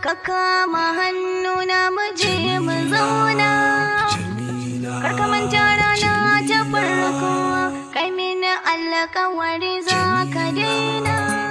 ka kama hannu na muje mu zauna karka manta rana ta farko kai mini alƙawari za ka daina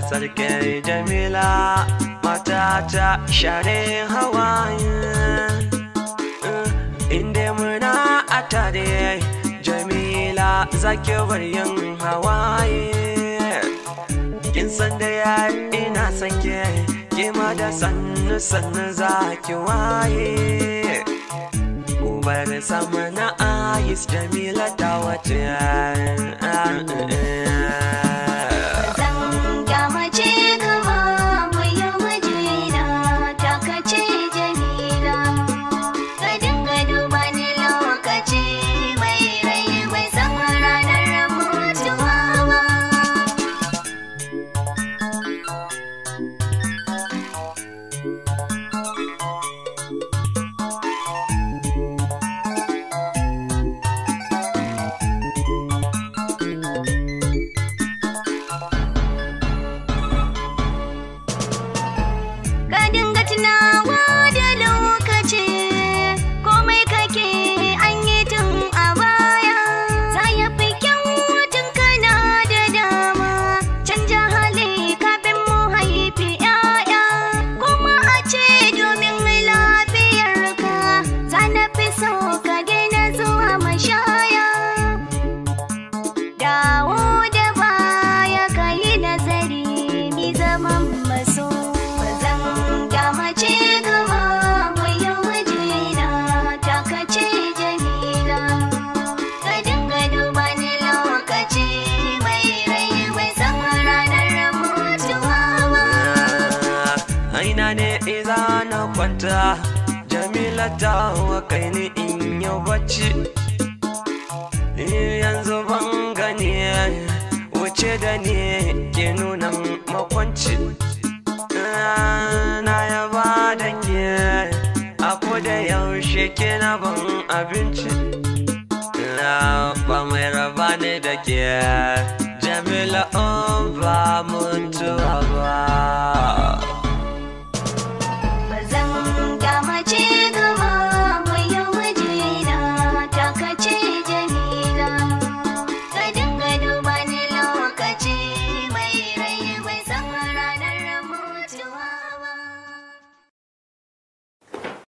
sarkin jamila matata share hawaye eh, inda muna a tare jamila zaki bar yin hawaye kin san da ya ina san ke kima da sannu sannu zaki waye ubar sama na ayis jamila ta wace ah, eh, eh, zaman maso bazan kyamace gaba mai wajena ta jamila ka dinga duba lokaci ne na kwanta jamila ta wa kai ni in yi bacci yanzu ban gani ce da ni ke nuna makwanci na yaba da ke a da yaushe ke na ban abinci na ba mai raba ne da ke jamila ba mutuwa ba